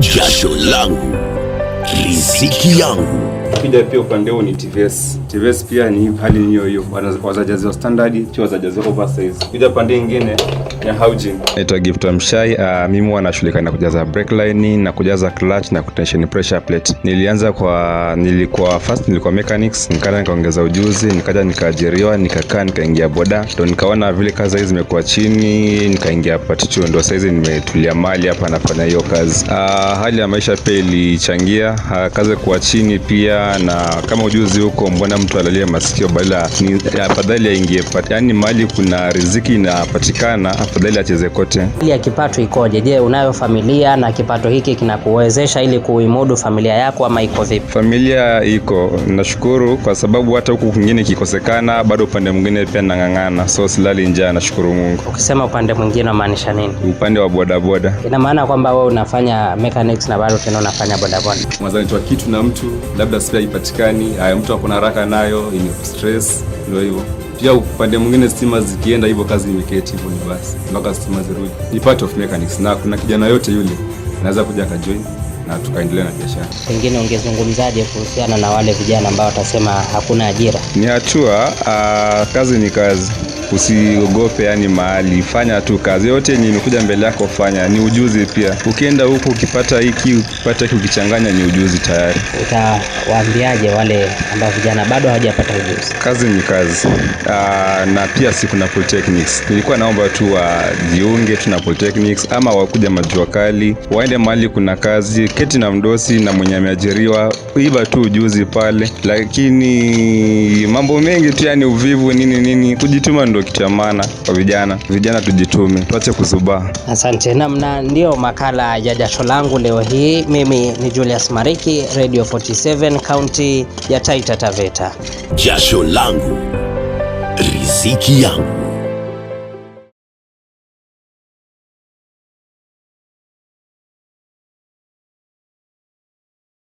jasho langu riziki yangu. Kija pia upande huu ni TVS. TVS pia ni hali hiyo hiyo, wazajaziwa standard, sio wazajaziwa oversize. Kija pande nyingine ya housing. Naitwa Gift Mshai. Uh, mimi huwa nashughulikana kujaza brake na kujaza clutch na tension pressure plate. Nilianza kwa nilikuwa first nilikuwa mechanics, nikaenda nikaongeza ujuzi, nikaja nikaajiriwa, nikakaa nikaingia boda, ndo nikaona vile kazi hizi zimekuwa chini, nikaingia hapa ndo saizi nimetulia mali hapa nafanya hiyo kazi. Uh, hali ya maisha pia ilichangia uh, kazi kuwa chini pia, na kama ujuzi huko, mbona mtu alalie masikio badala afadhali aingie, yaani mali kuna riziki inapatikana Afadhali acheze kote. Ili ya kipato ikoje? Je, unayo familia na kipato hiki kinakuwezesha ili kuimudu familia yako ama iko vipi? Familia iko, nashukuru kwa sababu hata huku kwingine kikosekana, bado upande mwingine pia nang'ang'ana, so silali njaa, nashukuru Mungu. Ukisema upande mwingine unamaanisha nini? Upande wa bodaboda. Ina maana kwamba wewe unafanya mechanics na bado tena unafanya bodaboda. Unazalitoa kitu na mtu labda spare ipatikani, haya mtu akona haraka nayo, ime stress, ndio hivyo. Pia upande mwingine stima zikienda hivyo, kazi imeketi hivyo, ni basi mpaka stima zirudi. Ni part of mechanics, na kuna kijana yote yule anaweza kuja akajoin na tukaendelea na biashara. Pengine ungezungumzaje kuhusiana na wale vijana ambao watasema hakuna ajira? Ni hatua, ah, kazi ni kazi usiogope yani mahali fanya tu kazi yote yenye imekuja mbele yako fanya ni ujuzi pia ukienda huku ukipata hiki ukipata hiki ukichanganya ni ujuzi tayari utawaambiaje wale ambao vijana bado hawajapata ujuzi kazi ni kazi Aa, ah, na pia si kuna polytechnics nilikuwa naomba tu wajiunge tu na polytechnics ama wakuja majua kali waende mahali kuna kazi keti na mdosi na mwenye ameajiriwa iba tu ujuzi pale lakini mambo mengi tu yani uvivu nini nini kujituma ndio kitu ya maana kwa vijana. Vijana tujitume, tuache kuzubaa. Asante namna. ndio makala ya jasho langu leo hii. Mimi ni Julius Mariki, Radio 47 kaunti ya Taita Taveta. Jasho langu riziki yangu.